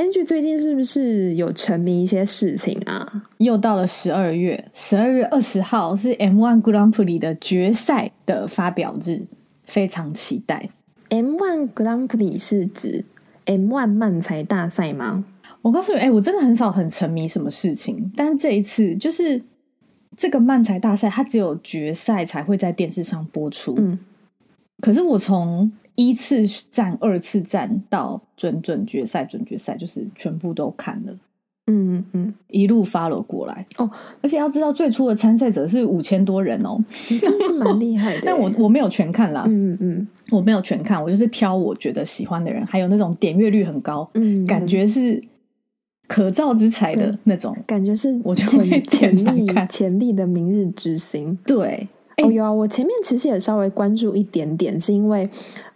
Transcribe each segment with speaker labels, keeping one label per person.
Speaker 1: Ang 最近是不是有沉迷一些事情啊？又到了十二月，十二月二十號是 M1 Grand Prix 的決賽的發表日，非常期待。M1 Grand Prix 是指 M1 漫才大賽嗎？我告訴你，欸，我真的很少很沉迷什麼事情，但這一次就是這個漫才大賽，它只有決賽才會在電視上播出。嗯，可是我從，一次戰，二次戰，到準準決賽，準決賽就是全部都看了，嗯嗯，嗯，一路發了過來哦。而且要知道，最初的參賽者是五千多人哦，真的是蠻厲害的。但我我沒有全看啦，嗯，嗯嗯，我沒有全看，我就是挑我覺得喜歡的人，還有那種點閱率很高，嗯，嗯，感覺是可造之才的那種，感覺是我就前前
Speaker 2: 面看的明日之星，對，哎、欸、呦、oh, 啊，我前面其實也稍微關注一點點，是因為。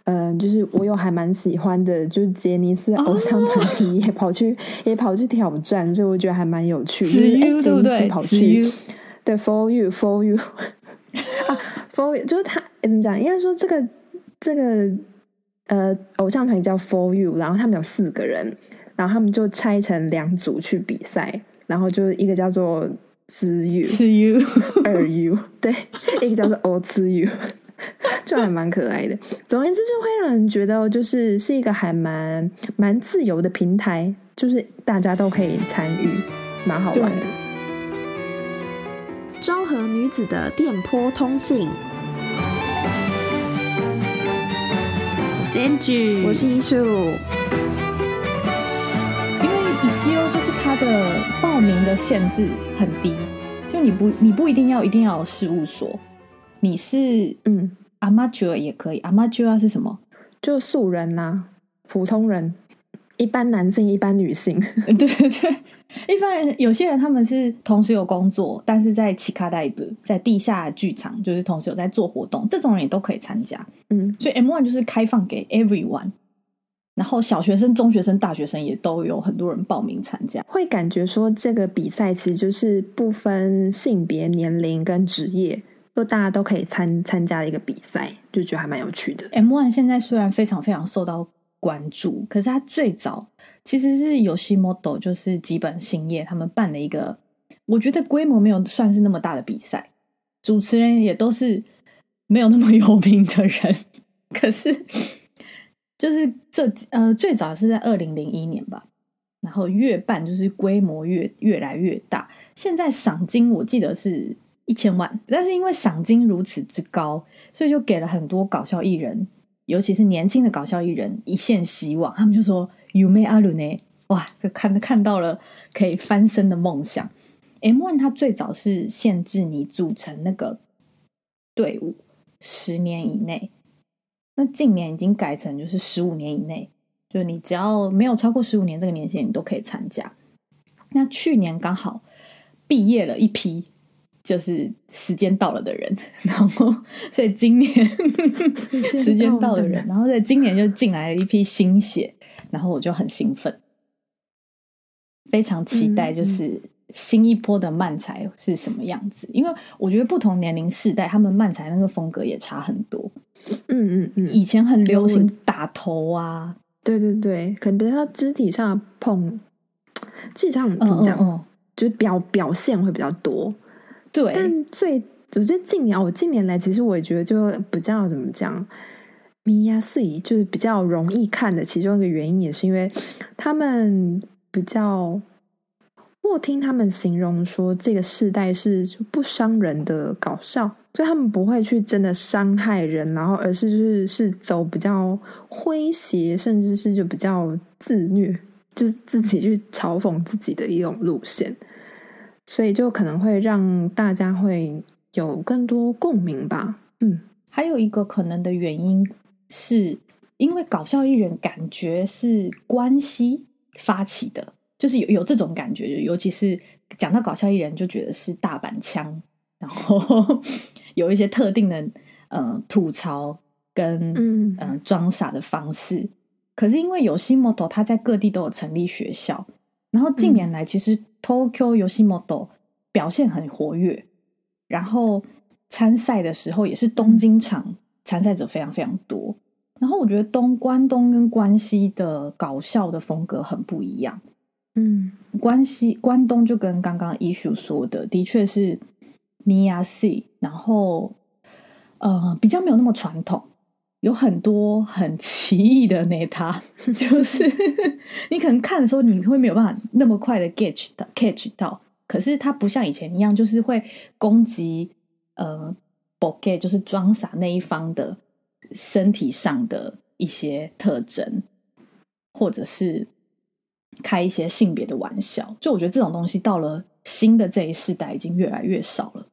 Speaker 2: 嗯、呃，就是我有還蠻喜歡的，就是傑尼斯偶像團體也跑去、啊、也跑去挑戰，所以我覺得還蠻有趣。傑尼斯跑去，優對 for you, for you, 啊 for you, 就是他、欸、怎麼講？應該說這個這個呃偶像團體叫 For you，然後他們有四個人，然後他們就拆成兩組去比賽，然後就一個叫做 ZU，ZU，Are 優 you？對， 一個叫做 all you 就還蠻可愛的。總而言之，就會讓人覺得，就是是一個還蠻蠻自由的平台，就是大家都可以參與，蠻好玩的。昭對和女子的電波通信，
Speaker 1: Sandy 我是伊叔。因為伊吉歐就是它的報名的限制很低，就你不你不一定要一定要事務所。你是嗯，Amateur 也可以，Amateur 是什麼？就素人啦，啊，普通人，一般男性，一般女性，對對對，一般人，有些人他們是同時有工作，但是在 Chika，在地下劇場，就是同時有在做活動，這種人也都可以參加。嗯，所以 M One 就是開放給 Everyone，然後小學生、中學生、大學生也都有很多人報名參加，會感覺說這個比賽其實就是不分
Speaker 2: 性別、年齡跟職業。就大家都可以參參加一個比賽，就覺得還蠻有
Speaker 1: 趣的。M-1 現在雖然非常非常受到關注，可是它最早其實是 Yoshimoto，就是吉本興業他們辦了一個，我覺得規模沒有算是那麼大的比賽，主持人也都是沒有那麼有名的人。可是就是這呃，最早是在二零零一年吧，然後越辦就是規模越越來越大。現在賞金我記得是。一千萬，但是因為賞金如此之高，所以就給了很多搞笑藝人，尤其是年輕的搞笑藝人一線希望。他們就說：“夢あるね，哇，這看看到了可以翻身的夢想。”M One 它最早是限制你組成那個隊伍十年以內，那近年已經改成就是十五年以內，就你只要沒有超過十五年這個年限，你都可以參加。那去年剛好畢業了一批。就是時間到了的人，然後所以今年 時間到了人，然後在今年就進來了一批新血，然後我就很興奮，非常期待，就是、嗯、新一波的漫才是什麼樣子？因為我覺得不同年齡世代，他們漫才那個風格也差很多。嗯嗯嗯，嗯嗯以前很流行打頭啊，對對對，可能比如肢體上的
Speaker 2: 碰，肢體上怎麼哦，哦，哦，就是表表現會比較多。對，但最我覺得近年哦，我近年來其實我也覺得就比較怎麼講，M-1 就是比較容易看的其中一個原因，也是因為他們比較，我聽他們形容說這個世代是不傷人的搞笑，所以他們不會去真的傷害人，然後而是就是是走比較詼諧，甚至是就比較自虐，就是自己去嘲諷自己的一種路線。所以就可能會讓
Speaker 1: 大家會有更多共鳴吧。嗯，還有一個可能的原因是，因為搞笑藝人感覺是關西發起的，就是有有這種感覺，尤其是講到搞笑藝人，就覺得是大阪腔，然後 有一些特定的、呃、吐槽跟嗯呃、裝傻的方式。可是因為吉本，他在各地都有成立學校，然後近年來其實、嗯。Tokyo 吉本表現很活躍，然後參賽的時候也是東京場參賽者非常非常多，然後我覺得東關東跟關西的搞笑的風格很不一樣，嗯，關西關東就跟剛剛伊叔說的，的確是 miyashi，然後呃比較沒有那麼傳統。有很多很奇異的那他，就是 你可能看的時候，你會沒有辦法那麼快的 get 到 catch 到。可是它不像以前一樣，就是會攻擊呃 boke 就是裝傻那一方的身體上的一些特徵，或者是開一些性別的玩笑。就我覺得這種東西到了新的這一世代，已經越來越少了。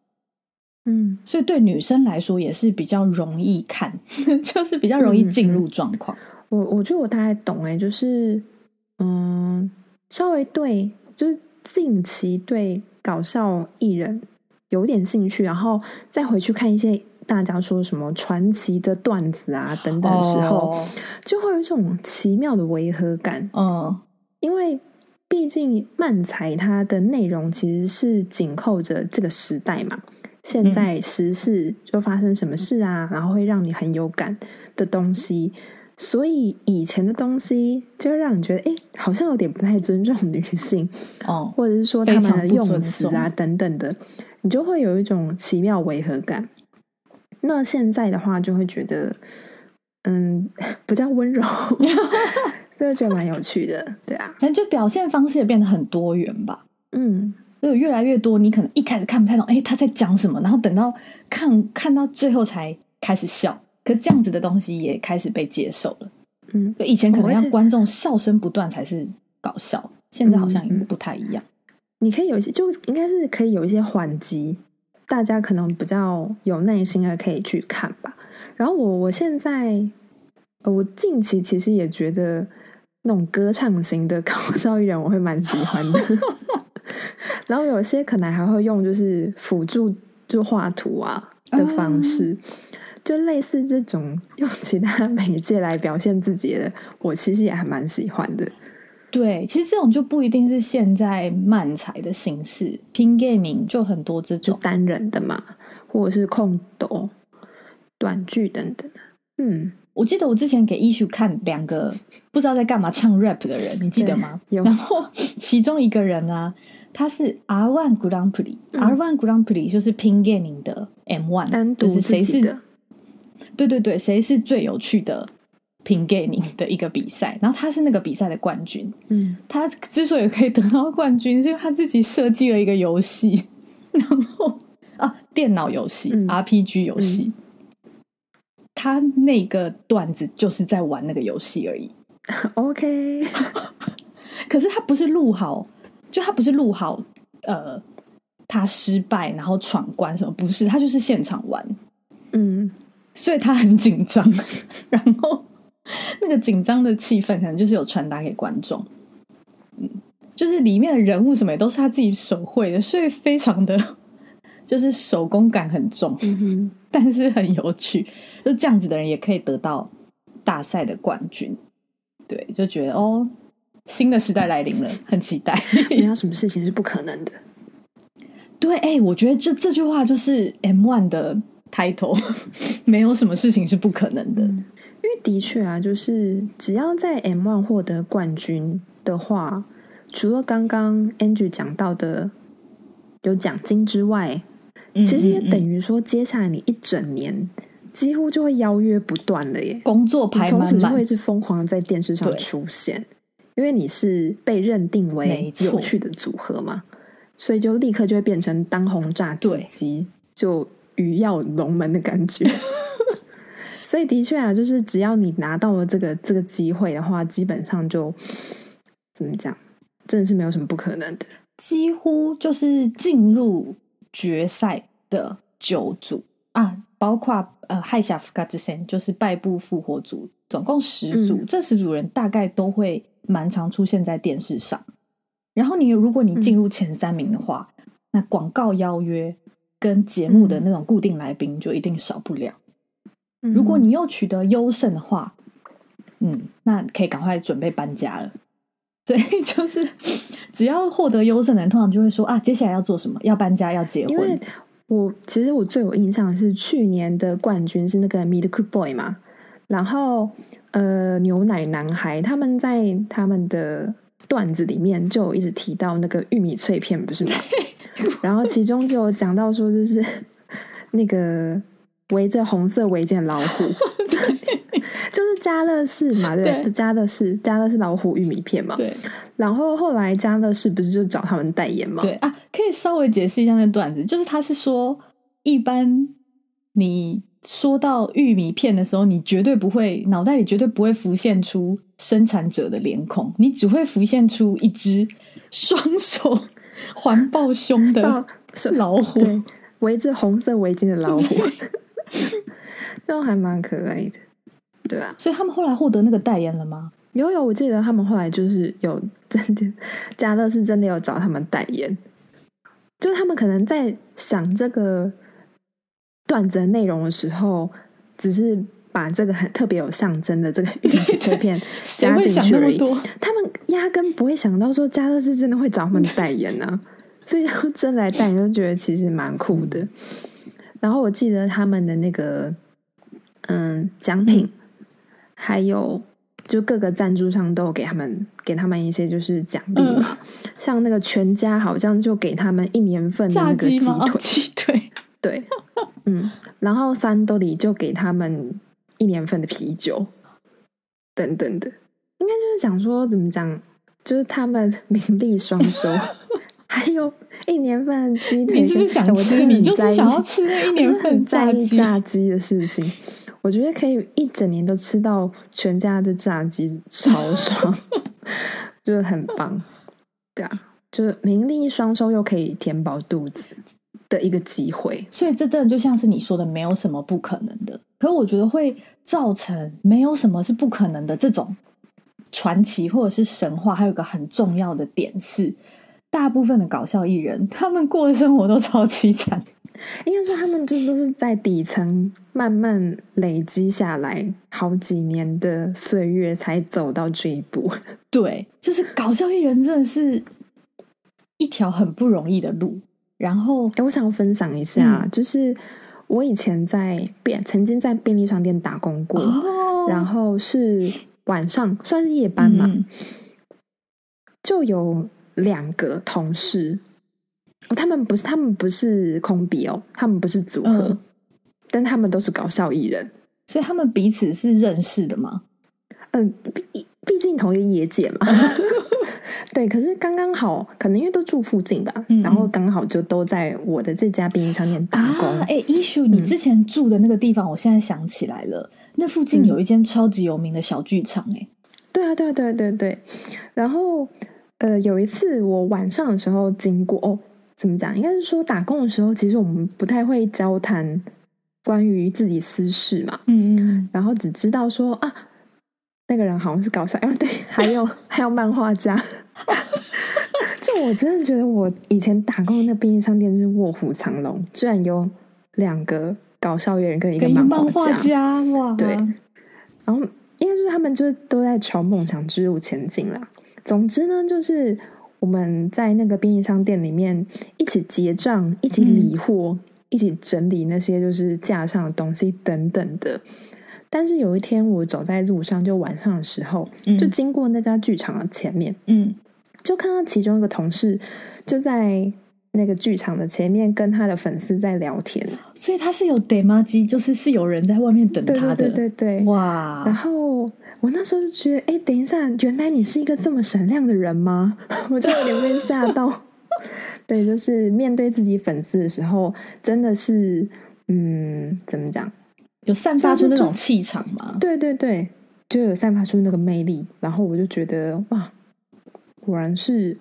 Speaker 1: 嗯，所以對女生來說也是比較容易看， 就是比較容易進入狀況。
Speaker 2: 我、嗯、我覺得我大概懂哎，就是嗯，稍微對，就是近期對搞笑藝人有點興趣，然後再回去看一些大家說什麼傳奇的段子啊等等的時候，oh. 就會有一種奇妙的違和感。嗯，oh. 因為畢竟漫才它的內容其實是緊扣着這個時代嘛。現在時事就發生什麼事啊，嗯、然後會讓你很有感的東西，所以以前的東西就會讓你覺得，哎，好像有點不太尊重女性哦，或者是說他們的用詞啊等等的，你就會有一種奇妙違和感。那現在的話，就會覺得，
Speaker 1: 嗯，比較溫柔， 所以就蠻有趣的，對啊，那就表現方式也變得很多元吧，嗯。有越來越多，你可能一開始看不太懂，哎、欸，他在講什麼？然後等到看看到最後才開始笑。可這樣子的東西也開始被接受了。嗯，以前可能讓觀眾笑聲不斷才是搞笑，嗯、現在好像也不太一樣。嗯
Speaker 2: 嗯、你可以有一些，就應該是可以有一些緩急，大家可能比較有耐心的可以去看吧。然後我我現在，我近期其實也覺得那種歌唱型的搞笑藝人，我會蠻喜歡的。 然後有些可能還會用就是輔助就畫圖啊的方式，就類似這種用
Speaker 1: 其他媒介來表現自己的，我其實也還蠻喜歡的。對，其實這種就不一定是現在漫才的形式，拼 game 就很多這種就單人的嘛，或者是空斗、短劇等等的。嗯，我記得我之前給藝術看兩個不知道在幹嘛唱 rap 的人，你記得嗎？有。然後其中一個人呢、啊？他是 R1 Grand Prix，嗯、R1 Grand Prix 就是 Ping Gaming 的 M one，就是誰是的？對對對，誰是最有趣的 Ping Gaming 的一個比賽？ 然後他是那個比賽的冠軍。嗯，他之所以可以得到冠軍，是因為他自己設計了一個遊戲，然後啊，電腦遊戲、嗯、RPG 遊戲，嗯、他那個段子就是在玩那個遊戲而已。 OK， 可是他不是錄好。就他不是錄好，呃，他失敗然後闖關什麼？不是，他就是現場玩，嗯，所以他很緊張，然後那個緊張的氣氛可能就是有傳達給觀眾，嗯，就是裡面的人物什麼也都是他自己手繪的，所以非常的，就是手工感很重，嗯哼，但是很有趣，就這樣子的人也可以得到大賽的冠軍，對，就覺得哦。新的時代來臨了，很期待。 沒有什麼事情是不可能的。 對，哎、欸，我覺得這這句話就是 M One 的 title。沒有什麼事情是不可能的，
Speaker 2: 嗯、因為的確啊，就是只要在 M One 獲得冠軍的話，除了剛剛 Andrew 講到的有獎金之外，
Speaker 1: 其實也等
Speaker 2: 於說，接下來你一整年幾乎就會邀約不斷的耶，工作排滿從此會一直瘋狂的在電視上出現。因為你是被認定為有趣的組合嘛，錯所以就立刻就會變成當紅炸雞，對就魚躍龍門的感覺。 所以的確啊，就是只要你拿到了這個這個機會的話，基本上就怎麼講，
Speaker 1: 真的是沒有什麼不可能的。幾乎就是進入決賽的九組啊，包括呃，海霞福卡之森，就是敗部復活組，總共十組，嗯、這十組人大概都會蠻常出現在電視上，然後你如果你進入前三名的話，嗯、那廣告邀約跟節目的那種固定來賓就一定少不了。嗯、如果你又取得優勝的話，嗯，那可以趕快準備搬家了。對，就是只要獲得優勝的人，通常就會說啊，接下來要做什麼？要搬家？要結婚？因為
Speaker 2: 我其實我最有印象的是去年的冠軍是那個 Milk Boy 嘛，然後。呃，牛奶男孩他們在他們的段子裡面就一直提到那個玉米脆片，不是嗎？對然後其中就有講到說，就是那個圍着紅色圍巾的老虎，對 就是家樂氏嘛，對吧？對，家樂氏家樂氏老虎玉米片嘛，對。然
Speaker 1: 後後來家樂氏不是就找他們代言嘛？對啊，可以稍微解釋一下那個段子，就是他是說，一般你。說到玉米片的時候，你絕對不會腦袋裡絕對不會浮現出生產者的臉孔，你只會浮現出一隻雙手環抱胸的老虎，
Speaker 2: 圍着、哦、紅色圍巾的老虎，這對 還蠻可愛的，對吧、啊？所以他們後來獲得那個代言了嗎？有有，我記得他們後來就是有真的，家樂是真的有找他們代言，就他們可能在想這個。段子內容的時候，只是把這個很特別有象徵的這個影片、對對對、想加進去而已。他們壓根不會想到說家樂氏真的會找他們代言呢？啊， 所以真的來代言都覺得其實蠻酷的。 然後我記得他們的那個嗯獎品，嗯、還有就各個贊助商都給他們給他們一些就是獎勵，嗯、像那個全家好像就給他們一年份的那個雞腿。對，嗯，然後三得利就給他們一年份的啤酒，等等的，應該就是講說怎麼講，就是他們名利雙收， 還有一年份的雞腿，你是不是想吃？我就很在意你就想要吃那一年份炸雞的事情？ 我覺得可以一整年都吃到全家的炸雞，超爽， 就是很棒。
Speaker 1: 對啊，就是名利雙收，又可以填飽肚子。的一個機會，所以這真的就像是你說的，沒有什麼不可能的。可我覺得會造成沒有什麼是不可能的這種傳奇或者是神話。還有一個很重要的點是，大部分的搞笑藝人他們過的生活都超淒慘，
Speaker 2: 應該說他們就是都是在底層慢慢累積下來好幾年的歲月才走到這一步。對，就是搞笑藝人真的是一條很不容易的路。然後，誒，我想要分享一下，嗯、就是我以前在便曾經在便利商店打工過，哦、然後是晚上算是夜班嘛，嗯嗯，就有兩個同事，哦，他們不是他們不是 combi 哦，他們不是組合，嗯、但他們都是搞笑藝人，所以他們彼此是認識的嗎？嗯，畢畢竟同一個業界嘛。 對，可是剛剛好，可能因為都住附近吧，嗯、然後剛好就都在我的這家便利
Speaker 1: 商店打工。哎、啊，一、欸、秀，嗯、你之前住的那個地方，我現在想起來了，那附近有一間超級有名的小劇場、欸，哎、嗯，對啊，對啊，對啊對、啊、對,、啊對,啊對啊。然後，
Speaker 2: 呃，有一次我晚上的時候經過，哦，怎麼講？應該是說打工的時候，其實我們不太會交談關於自己私事嘛，嗯
Speaker 1: 嗯，
Speaker 2: 然後只知道說啊。那個人好像是搞笑，哦、對，還有 還有漫畫家， 就我真的覺得我以前打工的那便利商店是臥虎藏龍，居然有兩個搞笑藝人跟一個漫畫家哇！對，然後應該是他們就是都在朝夢想之路前進啦。總之呢，就是我們在那個便利商店裡面一起結賬，一起理貨，嗯、一起整理那些就是架上的東西等等的。但是有一天，我走在路上，就晚上的時候，嗯、就經過那家劇場的前面，嗯，就看到其中一個同事就在那個劇場的前面跟他的粉絲在聊天，所以他是有大媽機，就是是有人在外面等他的，對對，對對，哇！然後我那時候就覺得，哎、欸，等一下，原來你是一個這麼閃亮的人嗎？ 我就有點被嚇到。 對，就是面對自己粉絲的時候，真的是，嗯，怎麼講？有散發出那種氣場嗎？對，對對對，就有散發出那個魅力，然後我就覺得哇，果然
Speaker 1: 是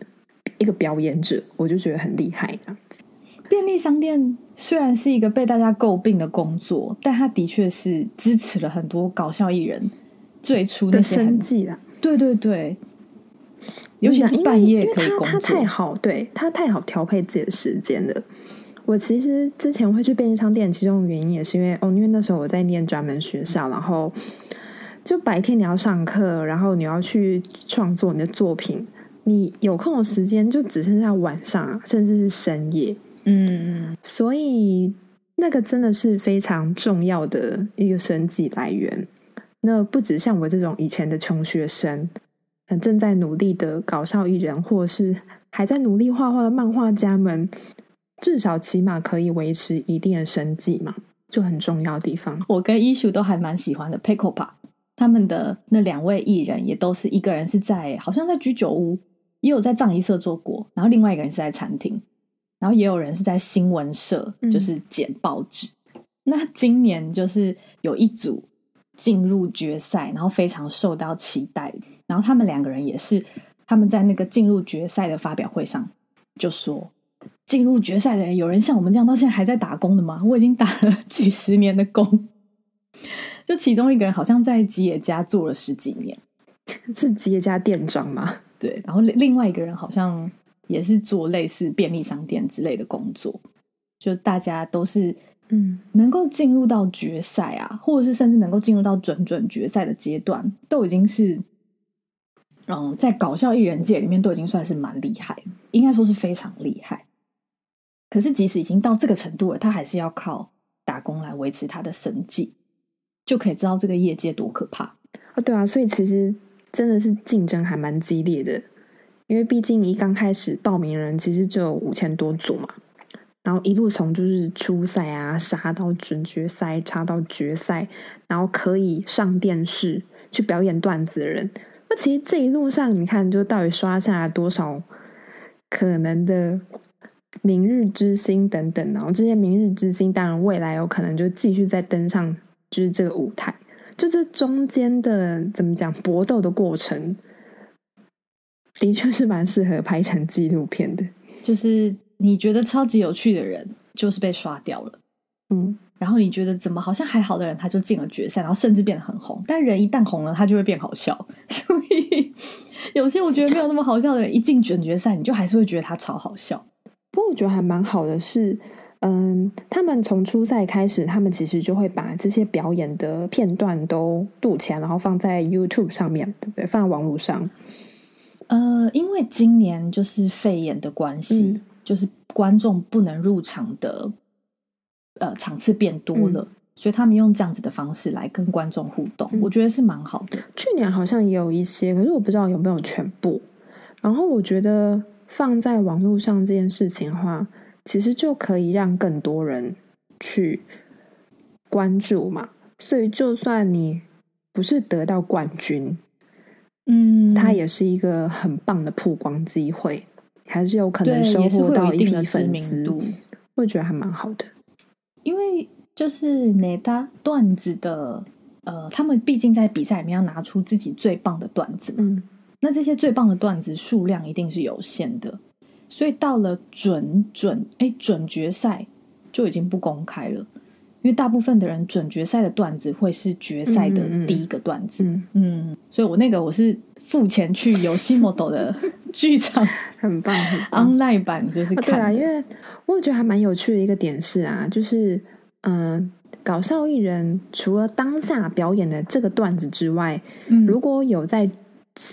Speaker 1: 一個表演者，我就覺得很厲害。這樣子，便利商店雖然是一個被大家詬病的工作，但它的確是支持了很多搞笑藝人最初的生
Speaker 2: 計啦。對對對，
Speaker 1: 尤其是
Speaker 2: 半夜可以工作，他，他太好，對他太好調配自己的時間了。我其實之前會去便利商店，其中的原因也是因為哦，因為那時候我在念專門學校，然後就白天你要上課，然後你要去創作你的作品，你有空的時間就只剩下晚上，甚至是深夜。嗯，所以那個真的是非常重要的一個生計來源。那不止像我這種以前的窮學生，正在努力的搞笑藝人，或是還在努力畫畫的漫畫家們。至少起碼可以維
Speaker 1: 持一定的生計嘛，就很重要的地方。我跟依秀都還蠻喜歡的，Pekopa 他們的那兩位藝人也都是一個人是在，好像在居酒屋，也有在葬儀社做過。然後另外一個人是在餐廳，然後也有人是在新聞社，就是剪報紙。嗯、那今年就是有一組進入決賽，然後非常受到期待。然後他們兩個人也是，他們在那個進入決賽的發表會上就說。進入決賽的人，有人像我們這樣到現在還在打工的嗎？我已經打了幾十年的工，就其中一個人好像在吉野家做了十幾年，是吉野家店長嗎？對，然後另外一個人好像也是做類似便利商店之類的工作，就大家都是嗯，能夠進入到決賽啊，或者是甚至能夠進入到準準決賽的階段，都已經是嗯，在搞笑藝人界裡面都已經算是蠻厲害，應該說是非常厲害。可是，即使已經到這個程度了，他還是要靠打工來維持他的生計，就可以知道這個業界多可怕啊！哦！對啊，所以其實真的是競爭還蠻激烈的，因為
Speaker 2: 畢竟一剛開始報名人其實就有五千多組嘛，然後一路從就是初賽啊，殺到準決賽，殺到決賽，然後可以上電視去表演段子的人，那其實這一路上你看，就到底刷下多少可能的。明日之星等等，然後這些明日之星，當然未來有可能就繼續再登上就是這個舞台。就這中間的怎麼講搏鬥的過程，的確是蠻
Speaker 1: 適合拍成紀錄片的。就是你覺得超級有趣的人，就是被刷掉了。嗯，然後你覺得怎麼好像還好的人，他就進了決賽，然後甚至變得很紅。但人一旦紅了，他就會變好笑。所以有些我覺得沒有那麼好笑的人，一進準決、決賽，你就還是會覺得他超好笑。我覺得還蠻好的是，是嗯，
Speaker 2: 他們從初賽開始，他們其實就會把這些表演的片段都錄
Speaker 1: 起來，然後放在 YouTube 上面，對不對？放在網絡上。呃，因為今年就是肺炎的關係，嗯、就是觀眾不能入場的，呃、場次變多了，嗯、所以他們用這樣子的方式來跟觀眾互動，嗯、我覺得是蠻好的。去年好像也有一些，可是我不知道有沒有全部。然後我
Speaker 2: 覺得。放在網絡上這件事情的話，其實就可以讓更多人去關注嘛。所以，就算你不是得到冠軍，嗯，它也是一個很棒的曝光機會，還是有可能收穫到一定的知名度。
Speaker 1: 我覺得還蠻好的。因為就是ネタ段子的，呃，他們畢竟在比賽裡面要拿出自己最棒的段子，嗯。那這些最棒的段子數量一定是有限的，所以到了準準哎、欸、準決賽就已經不公開了，因為大部分的人準決賽的段子會是決賽的第一個段子，嗯，嗯，
Speaker 2: 嗯，
Speaker 1: 嗯，所以我那個我是付錢去 Yoshimoto 的 劇場，很棒，很棒，online 版就是、哦、對啊，因為我覺得還蠻有趣的一個點是
Speaker 2: 啊，就是嗯、呃，搞笑藝人除了當下表演的這個段子之外，嗯、如果有在。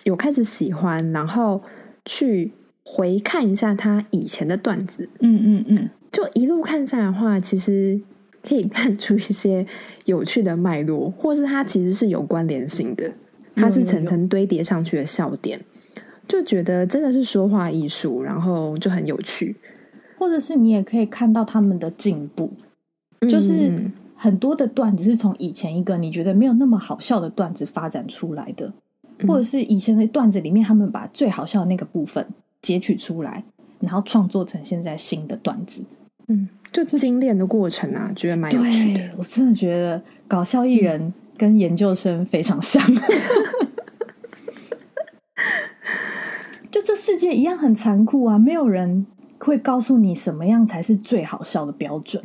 Speaker 2: 有開始喜歡，然後去回看一下他以前的段子，嗯嗯嗯，嗯嗯就一路看下來的話，其實可以看出一些有趣的脈絡，或是他其實是有關聯性的，它是層層堆疊上去的笑點，嗯嗯嗯、就覺得真的是說
Speaker 1: 話藝術，然後就很有趣，或者是你也可以看到他們的進步，就是很多的段子是從以前一個你覺得沒有那麼好笑的段子發展出來的。或者是以前的段子裡面，嗯、他們把最好笑的那個部分截取出來，然後創作成現在新的段子。嗯，就精煉的過程啊，就覺得蠻有趣的。我真的覺得搞笑藝人跟研究生非常像，嗯、 就這世界一樣很殘酷啊，沒有人會告訴你什麼樣才是最好笑的標準。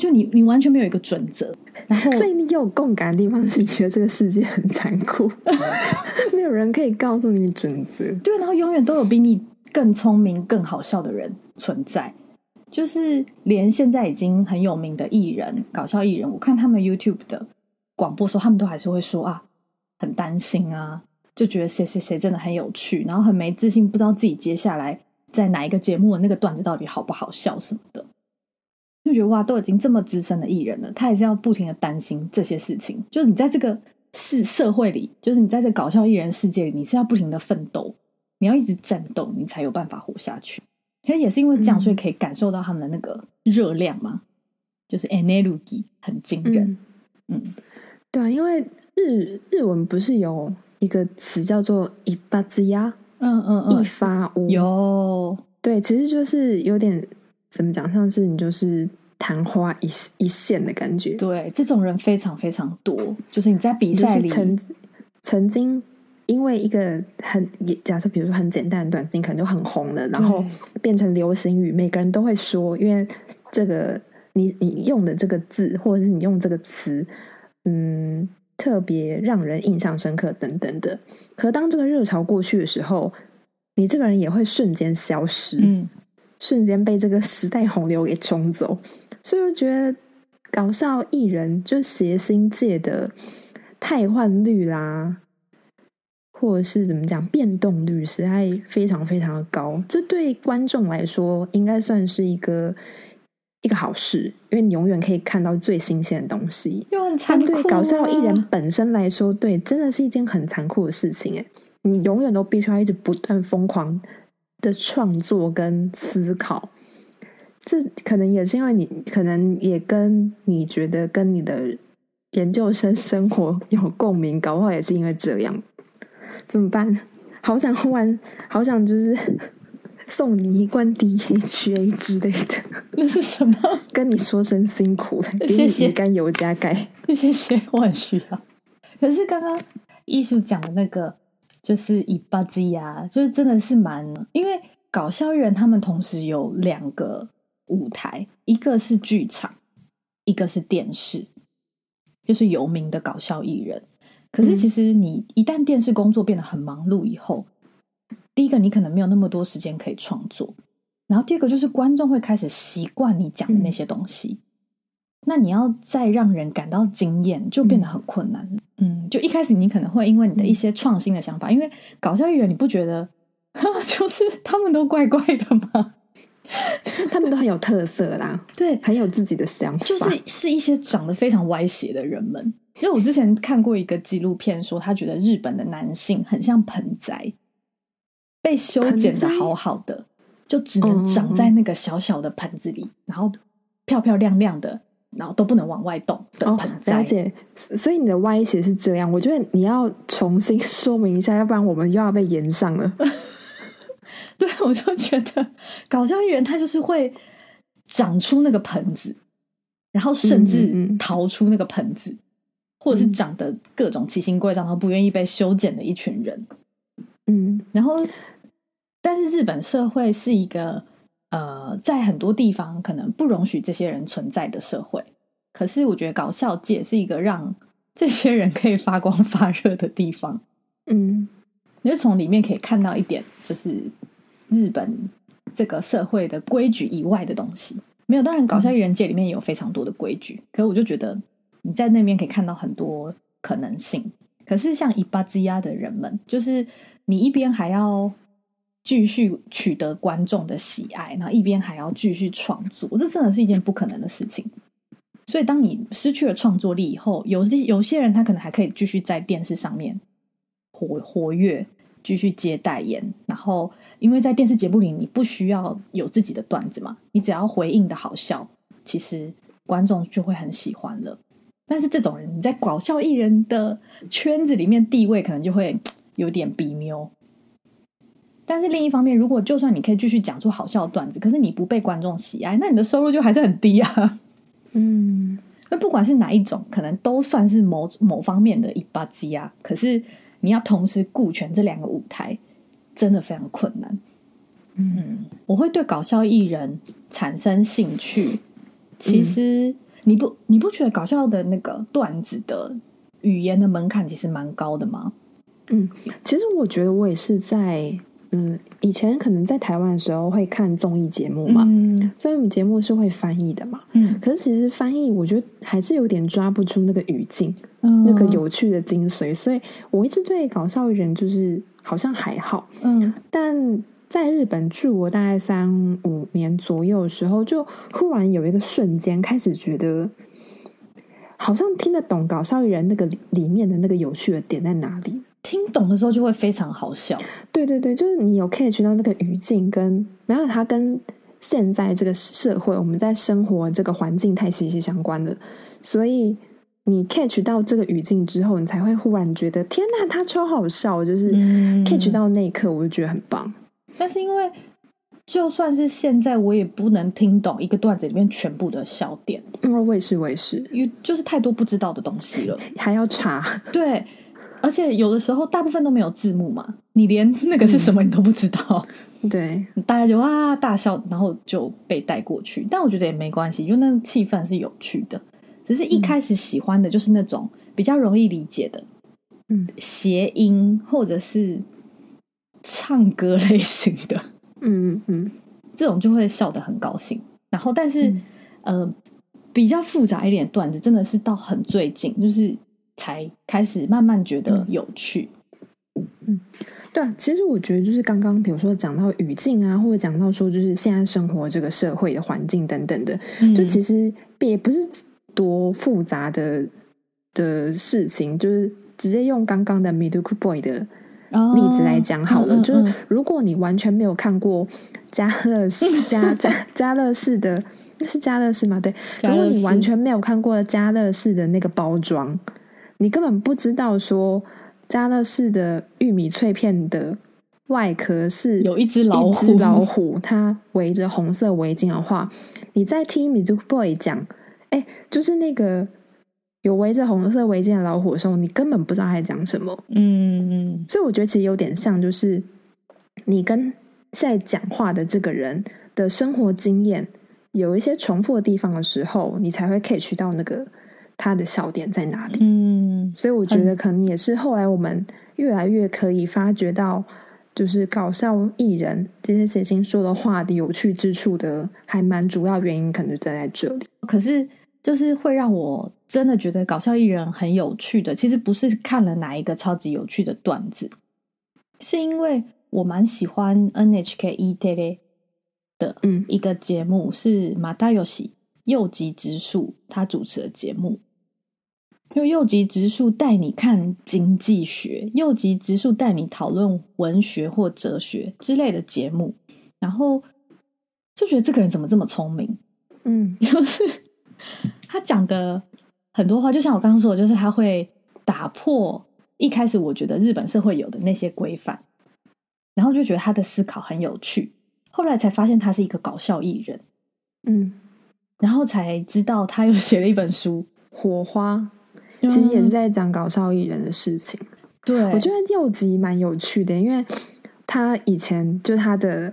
Speaker 1: 就你，你完全沒有一個準則。然後所以你有共感的地方是覺得這個世界很殘酷， 沒有人可以告訴你準則。 對，然後永遠都有比你更聰明、更好笑的人存在。就是連現在已經很有名的藝人、搞笑藝人，我看他們 YouTube 的廣播說，說他們都還是會說啊，很擔心啊，就覺得誰誰誰真的很有趣，然後很沒自信，不知道自己接下來在哪一個節目的那個段子到底好不好笑什麼的。就覺得哇，都已經這麼資深的藝人了，他還是要不停的擔心這些事情。就是你在這個是社會裡，就是你在這個搞笑藝人世界裡，你是要不停的奮鬥，你要一直戰鬥，你才有辦法活下去。其實也是因為這樣，所以可以感受到他們的那個熱量嘛，嗯、就是 energy 很驚人。嗯，嗯對啊，因為
Speaker 2: 日日文不是有一個詞叫做一發之呀，嗯嗯一發烏有。對，其實就是有點怎麼講，像是你就是。曇花一現一現的感覺，對，這種人非常非常多。就是你在比賽裡，就是曾曾經因為一個很假設，比如說很簡單的短信，可能就很紅了，然後變成流行語，對每個人都會說。因為這個你你用的這個字，或者是你用這個詞，嗯，特別讓人印象深刻等等的。可當這個熱潮過去的時候，你這個人也會瞬間消失，嗯，瞬間被這個時代洪流給沖走。所以我覺得搞笑藝人就諧星界的汰換率啦，或者是怎麼講變動率，實在非常非常的高。這對觀眾來說，應該算是一個一個好事，因為你永遠可以看到最新鮮的東西。又很殘酷啊。但對搞笑藝人本身來說，對，真的是一件很殘酷的事情。誒。你永遠都必須要一直不斷瘋狂的創作跟思考。這可能也是因為你可能也跟你覺得跟你的研究生生活有共鳴，搞不好也是因為這樣。怎麼辦？好想換，好想就是送你一罐 DHA 之類的。那是什麼？
Speaker 1: 跟你說聲辛苦了，謝謝魚肝油加鈣，哎。謝謝，我很需要。可是剛剛藝術講的那個就是伊巴基呀，就是真的是蠻，因為搞笑藝人他們同時有兩個。舞台，一個是劇場，一個是電視，就是有名的搞笑藝人。可是，其實你一旦電視工作變得很忙碌以後，第一個你可能沒有那麼多時間可以創作，然後第二個就是觀眾會開始習慣你講的那些東西，嗯、那你要再讓人感到驚艷，就變得很困難。嗯，嗯，就一開始你可能會因為你的一些創新的想法，因為搞笑藝人，你不覺得，呵呵，就是他們都怪怪的嗎？ 他們都很有特色啦，對，很有自己的想法。就是是一些長得非常歪斜的人們。因為我之前看過一個紀錄片說，說他覺得日本的男性很像盆栽，被修剪得好好的，栽就只能長在那個小小的盆子裡，嗯、然後漂漂亮亮的，然後都不能往外動的盆栽。哦、所以你的歪斜是
Speaker 2: 這樣，我覺得你要重新說明一下，要不然我們又要被炎上了。
Speaker 1: 對，我就覺得搞笑藝人他就是會長出那個盆子，然後甚至逃出那個盆子，嗯嗯嗯或者是長得各種奇形怪狀，都不願意被修剪的一群人。嗯，然後，但是日本社會是一個呃，在很多地方可能不容許這些人存在的社會。可是我覺得搞笑界是一個讓這些人可以發光發熱的地方。嗯，你就從裡面可以看到一點，就是。日本這個社會的規矩以外的東西，沒有。當然，搞笑藝人界裡面也有非常多的規矩，可是我就覺得你在那邊可以看到很多可能性。可是，像以巴茲亞的人們，就是你一邊還要繼續取得觀眾的喜愛，然後一邊還要繼續創作，這真的是一件不可能的事情。所以，當你失去了創作力以後，有些有些人他可能還可以繼續在電視上面活活躍。繼續接代言，然後因為在電視節目裡，你不需要有自己的段子嘛，你只要回應的好笑，其實觀眾就會很喜歡了。但是這種人，你在搞笑藝人的圈子裡面地位可能就會有點微妙。但是另一方面，如果就算你可以繼續講出好笑的段子，可是你不被觀眾喜愛，那你的收入就還是很低啊。嗯，那不管是哪一種，可能都算是某某方面的一把唧啊。可是。你要同時顧全這兩個舞台，真的非常困難。嗯，我會對搞笑藝人產生興趣。
Speaker 2: 其實，
Speaker 1: 嗯，你不你不覺得搞笑的那個段子的語言的門檻其實蠻高的嗎？嗯，
Speaker 2: 其實我覺得我也是在。嗯，以前可能在台灣的時候會看綜藝節目嘛，嗯，綜藝節目是會翻譯的嘛。嗯，可是其實翻譯我覺得還是有點抓不住那個語境，哦、那個有趣的精髓。所以我一直對搞笑藝人就是好像還好，嗯，但在日本住我大概三五年左右的時候，就忽然有一個瞬間開始覺得，好像聽得懂搞笑藝人那個裡面的那個有趣的點在哪裡。聽懂的時候就會非常好笑，對對對，就是你有 catch 到那個語境跟，跟沒有它，跟現在這個社會我們在生活這個環境太息息相關了，所以你 catch 到這個語境之後，你才會忽然覺得天哪，它超好笑！就是 catch 到那一刻，我就覺得很棒，
Speaker 1: 嗯。但是因為就算是現在，我也不能聽懂一個段子裡面全部的笑點。因為我也是，我也是，就是太多不知道的東西了，還要查對。而且有的時候大部分都沒有字幕嘛，你連那個是什麼你都不知道，嗯、對，大家就哇、啊、大笑，然後就被帶過去。但我覺得也沒關係，就那氣氛是有趣的。只是一開始喜歡的就是那種比較容易理解的，嗯，諧音或者是唱歌類型的，嗯嗯，嗯嗯這種就會笑得很高興。然後，但是、嗯、呃，比較複雜一點的段子，真的是到很最近就是。才開始慢慢覺得有趣，嗯、
Speaker 2: 對、啊、其實我覺得就是剛剛比如說講到語境啊，或者講到說就是現在生活這個社會的環境等等的，嗯、就其實也不是多複雜的的事情，就是直接用剛剛的 Milk Boy 的
Speaker 1: 例子、哦、來講好了。嗯嗯嗯，就是
Speaker 2: 如果你完全沒有看過家樂氏加 加家樂氏的是家樂氏嗎？對，如果你完全沒有看過家樂氏的那個包裝，你根本不知道說家樂氏的玉米脆片的外殼是有一隻老虎，有一隻老虎，一隻老虎，它圍着紅色圍巾的話，你在聽 Milkboy 講，哎，就是那個有圍着紅色圍巾的老虎的時候，你根本不知道他在講什麼。嗯，所以我覺得其實有點像，就是你跟在講話的這個人的生活經驗有一些重複的地方的時候，你才會 catch 到那個他的笑點在哪裡。嗯所以我覺得可能也是後來我們越來越可以發覺到，就是搞笑藝人這些諧星說的話的有趣之處的，還蠻主要原因可能就在在這
Speaker 1: 裡。可是就是會讓我真的覺得搞笑藝人很有趣的，其實不是看了哪一個超級有趣的段子，是因為我蠻喜歡 NHK ETV 的，嗯，一個節目、嗯、是馬大由喜右吉直樹他主持的節目。就又吉直樹帶你看經濟學，又吉直樹帶你討論文學或哲學之類的節目，然後就覺得這個人怎麼這麼聰明？嗯，就是他講的很多話，就像我剛剛說的，就是他會打破一開始我覺得日本社會有的那些規範，然後就覺得他的思考很有趣。後來才發現他是一個搞笑藝人，嗯，然後才知道他又寫了一本書《火花》。其實也是在
Speaker 2: 講搞笑藝人的事情。嗯、對，我覺得又吉蠻有趣的，因為他以前就他的，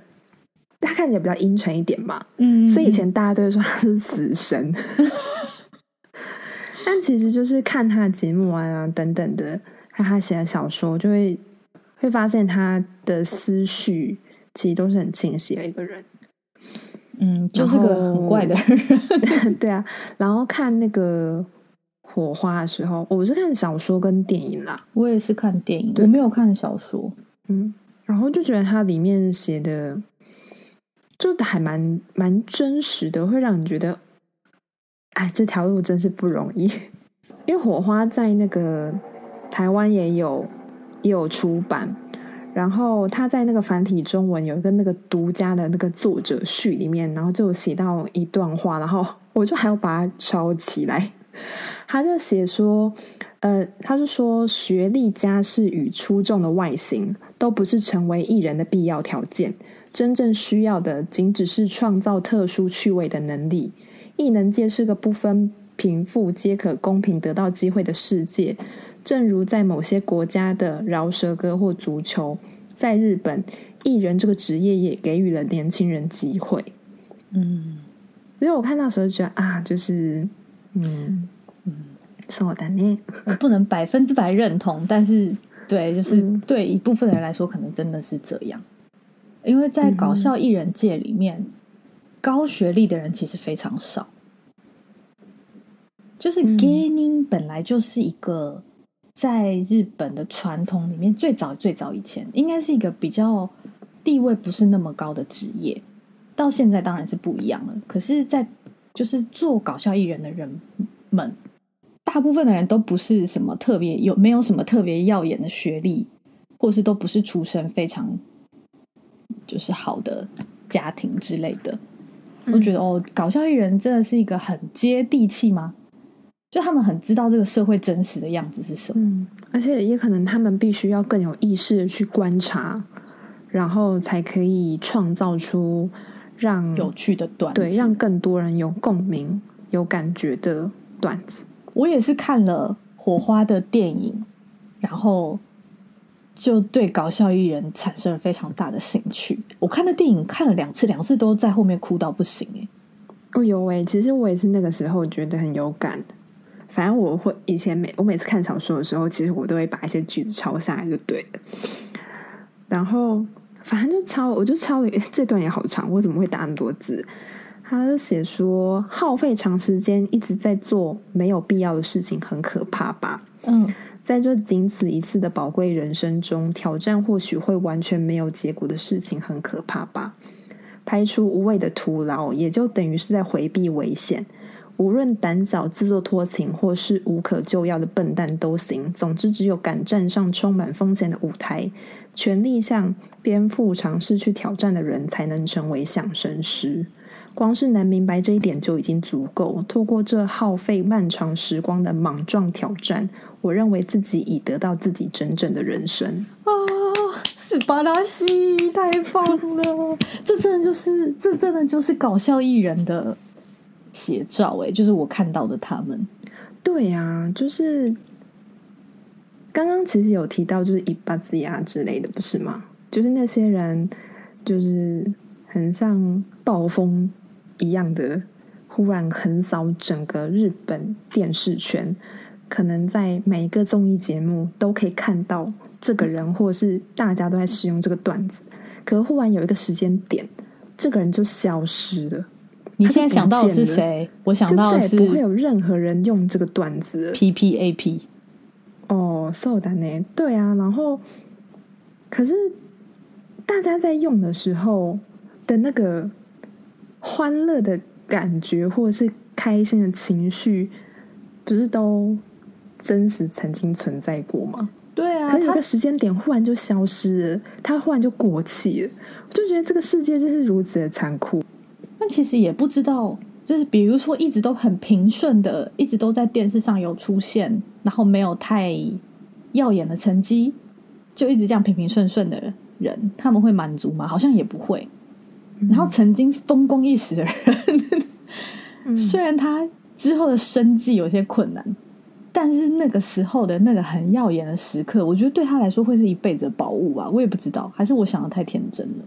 Speaker 2: 他看起來比較陰沉一點嘛，嗯，所以以前大家都會說他是死神。 但其實就是看他的節目啊等等的，看他寫的小說，就會會發現他的思緒其實都是很清晰的一個人。
Speaker 1: 嗯，就是個很怪的
Speaker 2: 人。對啊，然後看那個。火花的時候，我是看小說跟電影啦。我也是看電影，對我沒有看小說。嗯，然後就覺得它裡面寫的就還蠻蠻真實的，會讓你覺得，哎，這條路真是不容易。 因為《火花》在那個台灣也有也有出版，然後它在那個繁體中文有一個那個獨家的那個作者序裡面，然後就寫到一段話，然後我就還要把它抄起來。他就寫說，呃，他就說，學歷、家世與出眾的外形都不是成為藝人的必要條件，真正需要的，僅只是創造特殊趣味的能力。藝能界是個不分貧富皆可公平得到機會的世界，正如在某些國家的饒舌歌或足球，在日本，藝人這個職業也給予了年輕人機會。嗯，所以我看到的時候覺
Speaker 1: 得啊，就是。嗯嗯，是我、嗯，だね。我不能百分之百認同， 但是對，就是對一部分人來說，可能真的是這樣。因為在搞笑藝人界裡面，嗯、高學歷的人其實非常少。就是芸人本來就是一個在日本的傳統裡面，最早最早以前，應該是一個比較地位不是那麼高的職業。到現在當然是不一樣了，可是，在就是做搞笑藝人的人們，大部分的人都不是什麼特別有，沒有什麼特別耀眼的學歷，或是都不是出身非常就是好的家庭之類的。我覺得哦，搞笑藝人真的是一個很接地氣嗎？就他們很知道這個社會真實的樣子是什麼，嗯、而且也可能他們必須要更有意識地去觀察，然後才可
Speaker 2: 以創造出。讓有趣的段子對，讓更多人有共鳴、
Speaker 1: 有感覺的段子。我也是看了《火花》的電影， 然後就對搞笑藝人產生了非常大的興趣。我看的電影看了兩次，兩次都在後面哭到不行哎、欸！呦、哦、有、欸、其實我也
Speaker 2: 是那個時候覺得很有感的。反正我會以前每我每次看小說的時候，其實我都會把一些句子抄下來，就對了，然後。反正就抄，我就抄了，這段也好長，我怎麼會打那麼多字？他就寫說，耗費長時間一直在做沒有必要的事情，很可怕吧？嗯，在這僅此一次的寶貴人生中，挑戰或許會完全沒有結果的事情，很可怕吧？排除無謂的徒勞，也就等於是在迴避危險。無論膽小、自作多情，或是無可救藥的笨蛋都行，總之只有敢站上充滿風險的舞台。全力向顛覆常識去挑戰的人，才能成為相聲師，光是能明白這一點就已經足夠。透過這耗費漫長時光的莽撞挑戰，我認為自己已得到自己真正的人生。
Speaker 1: 啊、哦，史巴拉西太棒了！ 這真的就是這真的就是搞笑藝人的寫照。哎，就是我看到的他們。對呀、啊，就是。
Speaker 2: 剛剛其實有提到，就是一發屋之類的，不是嗎？就是那些人，就是很像暴風一樣的，忽然橫掃整個日本電視圈。可能在每一個綜藝節目都可以看到這個人，或是大家都在使用這個段子。可是忽然有一個時間點，這個人就消失了。了
Speaker 1: 你現在想到的是誰？我想到是不會有
Speaker 2: 任何人用這個段子。P P A P。哦，受的呢？對啊，然後，可是大家在用的時候的那個歡樂的感覺，或是開心的情緒，不是都真實曾經存在過嗎？對啊，可有個時間點忽然就消失了，它忽然就過氣了，就
Speaker 1: 覺得這個世界就是如此的殘酷。那其實也不知道。就是比如說，一直都很平順的，一直都在電視上有出現，然後沒有太耀眼的成績，就一直這樣平平順順的人，他們會滿足嗎？好像也不會。嗯、然後曾經風光一時的人， 雖然他之後的生計有些困難，嗯、但是那個時候的那個很耀眼的時刻，我覺得對他來說會是一輩子的寶物吧。我也不知道，還是我想得太天真了。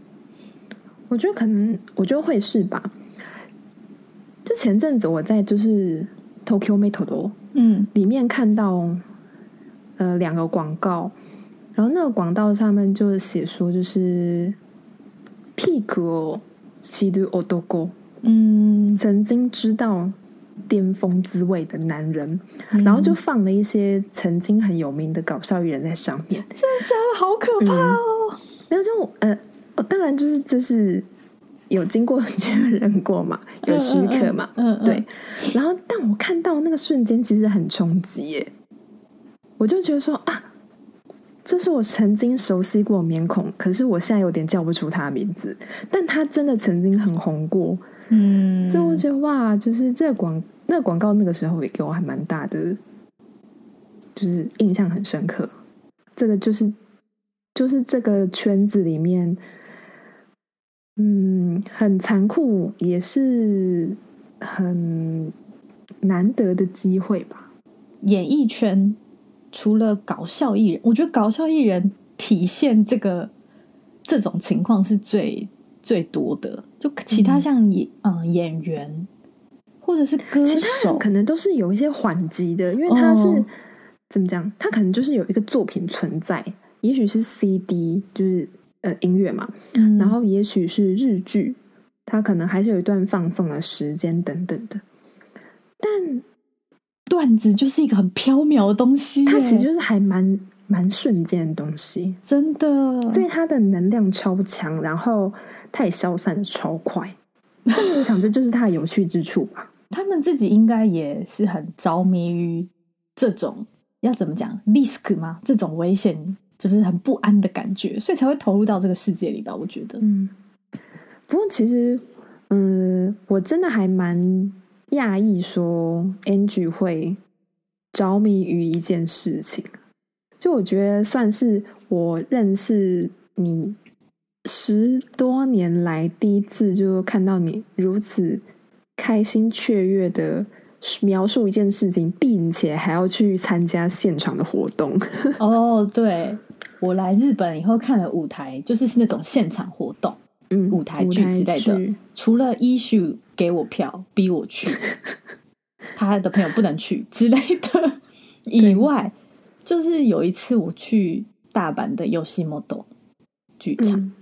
Speaker 1: 我覺得可能，我覺得會是吧。就前陣子我在
Speaker 2: 就是 Tokyo Metro 裡面看到、嗯、呃兩個廣告，然後那個廣告上面就寫說就是 Peak 氣度歐多哥，嗯，曾經知道巔峰滋味的男人，嗯、然後就放了一些曾經很有名的搞笑藝人，在上面，真的真的好可怕哦！沒有、嗯、就呃、哦，當然就是這、就是。 有經過確認過嘛？有許可嘛？嗯嗯嗯、對。然後，但我看到那個瞬間其實很衝擊耶，我就覺得說啊，這是我曾經熟悉過面孔，可是我現在有點叫不出他的名字。但他真的曾經很紅過，嗯，所以我覺得哇，就是這廣那廣告那個時候也給我還蠻大的，就是印象很深刻。這個就是，就是這個圈子裡面。嗯，很殘酷，也是很
Speaker 1: 難得的機會吧！演藝圈除了搞笑藝人，我覺得搞笑藝人體現這個這種情況是最最多的。就其他像演嗯、呃、演員，或者是歌
Speaker 2: 手，可能都是有一些緩急的，因為他是、哦、怎麼講？他可能就是有一個作品存在，也許是 CD，就是。呃，音樂嘛，嗯、然後也許是日劇，他可能還是有一段放鬆的時間等等的。但段子就是一個很飄渺的東西，它其實就是還蠻蠻瞬間的東西，真的。所以它的能量超強，然後
Speaker 1: 它也消散得超快。但我想這就是它的有趣之處吧。 他們自己應該也是很着迷於這種要怎麼講 risk 嗎？這種危險。就是很不安的感覺，所以才會投入到這個世界裡吧？我覺得。嗯。不過其實，嗯，我真的還蠻訝異，
Speaker 2: 說 Angie 會着迷於一件事情。就我覺得，算是我認識你十多年來，第一次就看到你如此開心雀躍的描述一件事情，並且還要去參加現場的活動。
Speaker 1: 哦，對。我來日本以後看了舞台，就是那種現場活動，嗯、舞台劇之類的。除了一秀給我票逼我去， 他的朋友不能去之類的以外，對就是有一次我去大阪的吉本劇場，嗯、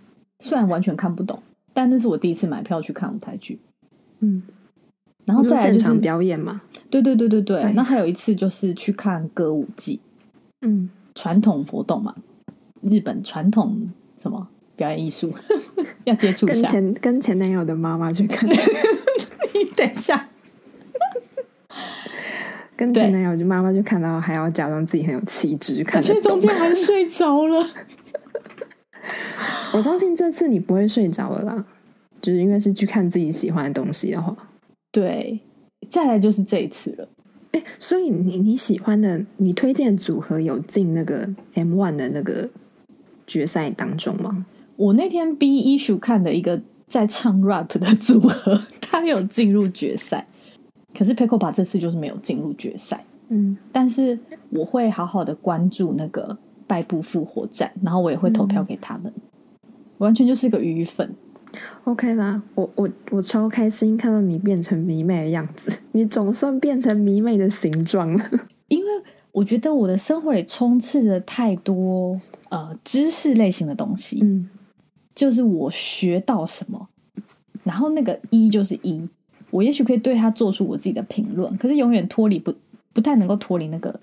Speaker 1: 雖然完全看不懂，但那是我第一次買票去看舞台劇。嗯，然後再來、就是、現場表演嘛，對對對對對。那對還有一次就是去看歌舞伎，嗯。傳統活動嘛，日本傳統什麼表演藝術 要接觸一下。跟前
Speaker 2: 跟前男友的媽媽去看， 你等一下。跟前男友就媽媽就看到，還要假裝自己很有氣質，而且中間還睡
Speaker 1: 着了。
Speaker 2: 我相信這次你不會睡着了啦，就是因為是去看自己喜歡的東西的話。對，再來就是這一次了。哎、欸，所以你你喜歡的，你推薦組合有進那個
Speaker 1: M One 的那個決賽當中嗎？我那天 B issue 看的一個在唱 Rap 的組合，他有進入決賽，可是 Pekopa 這次就是沒有進入決賽。嗯，但是我會好好的關注那個敗部復活戰，然後我也會投票給他們。嗯，完全就是個魚，魚粉
Speaker 2: ，OK 啦，我我我超開心看到你變成迷妹的樣子。你總
Speaker 1: 算變成迷妹的形狀了，因為我覺得我的生活裡充斥着太多呃知識類型的東西，嗯、就是我學到什麼，然後那個一就是一，我也許可以對它做出我自己的評論，可是永遠脫離不不太能夠脫離那個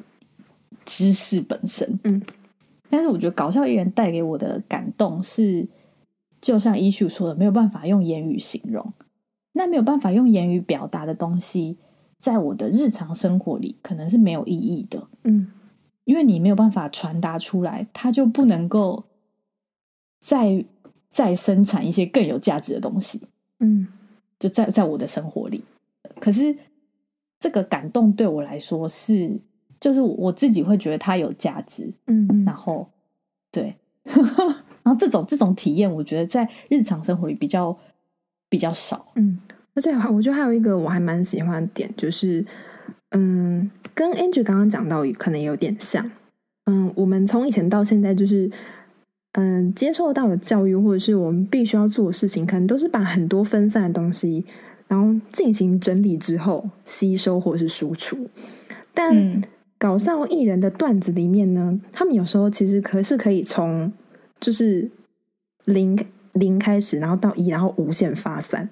Speaker 1: 知識本身，嗯，但是我覺得搞笑藝人帶給我的感動是，就像一樹說的，沒有辦法用言語形容，那沒有辦法用言語表達的東西。在我的日常生活裡，可能是沒有意義的，嗯，因為你沒有辦法傳達出來，它就不能夠再再生產一些更有價值的東西，嗯，就在在我的生活裡，可是這個感動對我來說是，就是我自己會覺得它有價值，嗯，嗯，然後對， 然後這種這種體驗，我覺得在日常
Speaker 2: 生活裡比較比較少，嗯。對，我覺得還有一個我還蠻喜歡的點，就是，嗯，跟 Angel 剛剛講到，可能有點像。嗯，我們從以前到現在，就是，嗯，接受到的教育或者是我們必須要做的事情，可能都是把很多分散的東西，然後進行整理之後吸收或者是輸出。但、嗯、搞笑藝人的段子裡面呢，他們有時候其實可是可以從就是零零開始，然後到一，然後無限發散。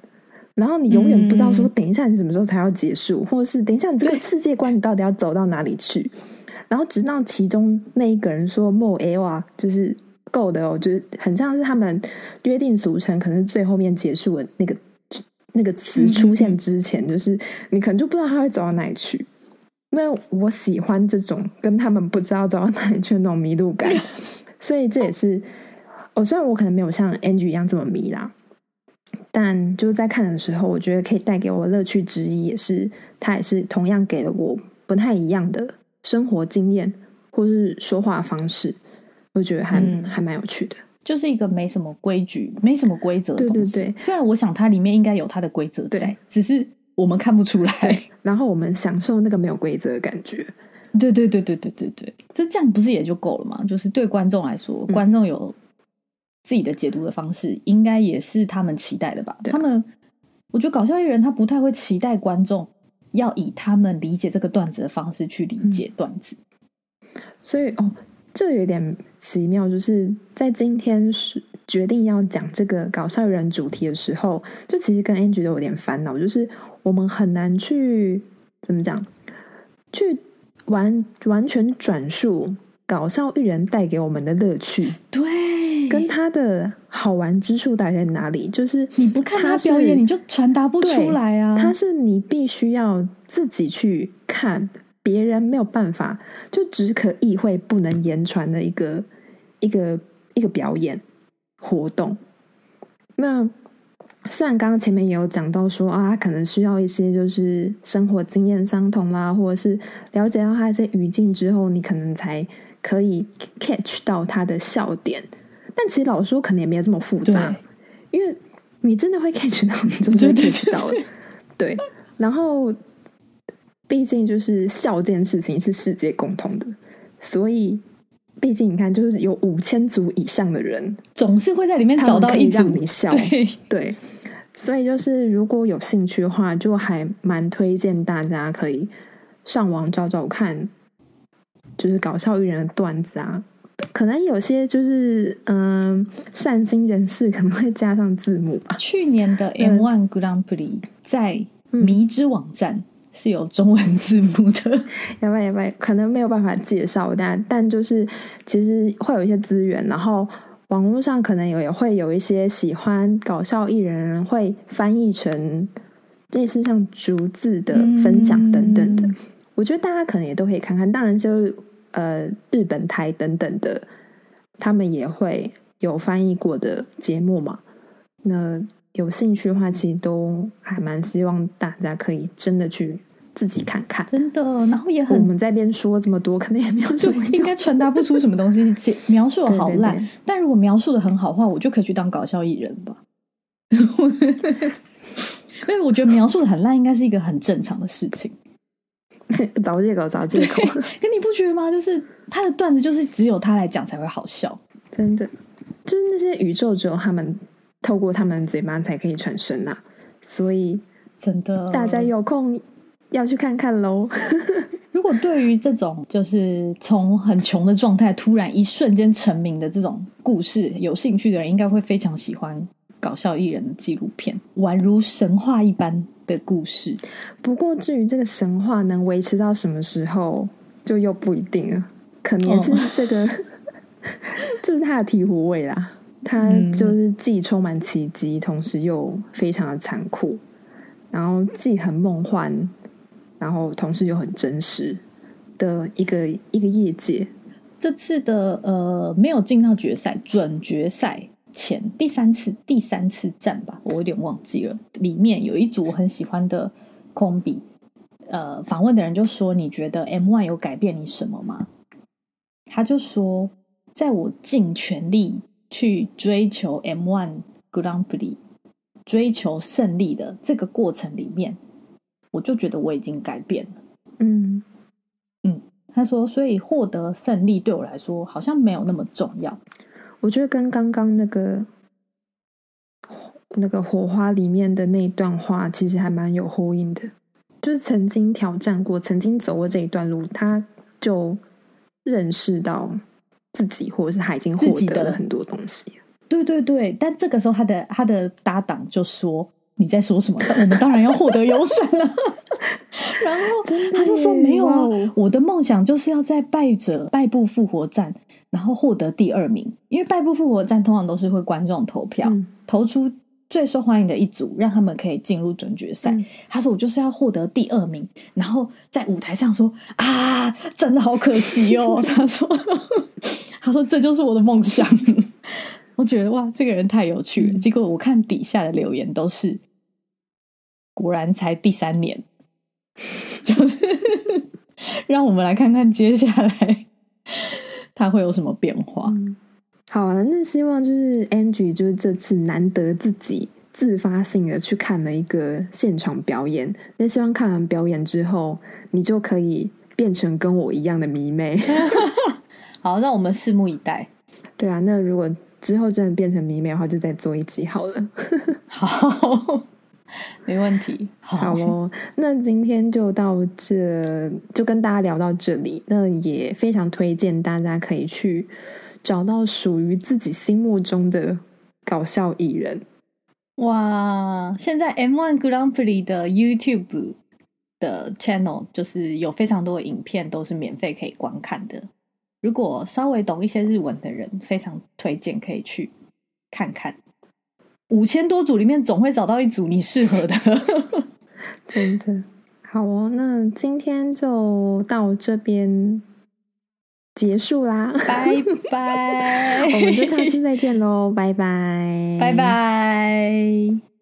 Speaker 2: 然後你永遠不知道說，等一下你什麼時候才要結束，嗯、或者是等一下你這個世界觀，你到底要走到哪裡去？對然後直到其中那一個人說 m o r 就是夠的哦，就是很像是他們約定俗成，可能是最後面結束的那個那個詞出現之前，嗯、就是你可能就不知道他會走到哪裡去。那我喜歡這種跟他們不知道走到哪裡去的那種迷路感，所以這也是哦，雖然我可能沒有像 Angie 一樣這麼迷啦。但就是在看的時候，我覺得可以帶給我的樂趣之一，也是它也是同樣給了我不太一樣的生活經驗，或是說話方
Speaker 1: 式，我覺得還、嗯、還蠻有趣的。就是一個沒什麼規矩、沒什麼規則的東西。對對對，雖然我想它裡面應該有它的規則，對，只是我們看不出來。然後我們享受那個沒有規則的感覺。對，對對對對對對對，這這樣不是也就夠了嗎？就是對觀眾來說，嗯、觀眾有自己的解讀的方式，應該也是他們期待的吧？對他們，我覺得搞笑藝人他不太會期待觀眾要以他們理解這個段子的方式去理解段子。嗯、所以哦，
Speaker 2: 這有點奇妙，就是在今天是決定要講這個搞笑藝人主題的時候，就其實跟 Angie 都有點煩惱，就是我們很難去怎麼講，去完完全轉述搞笑藝人帶給我們的樂趣。對。跟他的好玩之處大概在哪裡？就是你不看他表演，是你就傳達不出來啊。他是你必須要自己去看，別人沒有辦法，就只可意會不能言傳的一個一個一個表演活動。那雖然剛剛前面也有講到說啊，他可能需要一些就是生活經驗相同啦，或者是了解到他一些語境之後，你可能才可以 catch 到他的笑點。但其實老實說可能也沒有這麼複雜，對因為你真的會 catch 到，你就知道了。對,對,對,對,對，然後畢竟就是笑這件事情是世界共同的，所以畢竟你看，就是有五千組以上的人，總是會在裡面找到一組你笑。對,對，所以就是如果有興趣的話，就還蠻推薦大家可以上網找找看，就是搞笑藝人的段子啊。可能有些就是嗯、呃，善心人士可能會加上字
Speaker 1: 幕吧，啊。去年的 M-1 Grand Prix，嗯、在迷之網站是有中文字幕的，要不然要不然可能沒有辦法介紹，但但就是
Speaker 2: 其實會有一些資源，然後網絡上可能也也會有一些喜歡搞笑藝人會翻譯成類似像逐字的分享等等的，嗯、我覺得大家可能也都可以看看。當然就是。呃，日本台等等的，他們也會有翻譯過的節目嘛。那有興趣的話，其實都還蠻希望大家可以真的去自
Speaker 1: 己看看。真的，然後也很，我們在這邊說這麼多，可能也沒有什麼應該傳達不出什麼東西， 描述得好爛。對對對，但如果描述得很好的話，我就可以去當搞笑藝人吧。因為 我覺得描述得很爛，應該是一個很正常的事情。 找借口，找借口。可你不覺得嗎？就是他的段子，就是只有
Speaker 2: 他來講才會好笑，真的。就是那些宇宙只有他們透過他們嘴巴才可以傳聲吶，所以真的，大家
Speaker 1: 有空要去看看嘍。 如果對於這種就是從很窮的狀態突然一瞬間成名的這種故事有興趣的人，應該會非常喜歡搞笑藝人的紀錄片，宛如神話一般，的故事，不過至於這個
Speaker 2: 神話能維持到什麼時候，就又不一定了。可能是這個，哦、 就是他的醍醐味啦。他就是既充滿奇蹟，嗯、同時又非常的殘酷，然後既很夢幻，然
Speaker 1: 後同時又很真實的一個一個業界。這次的呃，沒有進到決賽，準決賽。前第三次第三次戰吧，我有點忘記了。裡面有一組我很喜歡的空比，呃，訪問的人就說：“你覺得 M One 有改變你什麼嗎？”他就說：“在我盡全力去追求 M One Grand Prix，追求勝利的這個過程裡面，我就覺得我已經改變了。嗯”嗯嗯，他說：“所以獲得勝利對我來說好像沒有那麼重要。”我覺得跟剛剛那個
Speaker 2: 那個火花裡面的那一段話，其實還蠻有呼應的。就是曾經挑戰過，曾經走過這一段路，他就認識到
Speaker 1: 自己，或者是他已經獲得了很多東西。對對對，但這個時候，他的他的搭檔就說：“你在說什麼？我們當然要獲得優勝了。”然後他就說：“哇沒有啊，我的夢想就是要在敗者敗部復活戰。”然後獲得第二名，因為敗部復活戰通常都是會觀眾投票，嗯、投出最受歡迎的一組，讓他們可以進入準決賽。嗯、他說：“我就是要獲得第二名，然後在舞台上說啊，真的好可惜哦。” 他說：“他說這就是我的夢想。”我覺得哇，這個人太有趣了。結果我看底下的留言都是，果然才第三年，就是 讓我們來看看接下來。他會有什
Speaker 2: 麼變化？嗯、好，那希望就是 Angie，就是這次難得自己自發性的去看了一個現場表演。那希望看完表演之後，你就可以變成跟我一樣的迷妹。 好，讓我們拭目以待。對啊，那如果之後真的變成迷妹的話，就再做一集好了。 好。沒問題，好，好哦。那今天就到這就跟大家聊到這裡。那也非常推薦大家可以去找到屬於自己心目中的搞笑藝人。
Speaker 1: 哇，現在 M1 Grand Prix 的 YouTube 的 channel 就是有非常多的影片都是免費可以觀看的。如果稍微懂一些日文的人，非常推薦可以去看看。五千多組裡面，總會找到一組你適合的， 真的。好哦，那
Speaker 2: 今天就到這邊結束啦，拜
Speaker 1: 拜。我們就下次
Speaker 2: 再見嘍，拜拜，拜拜。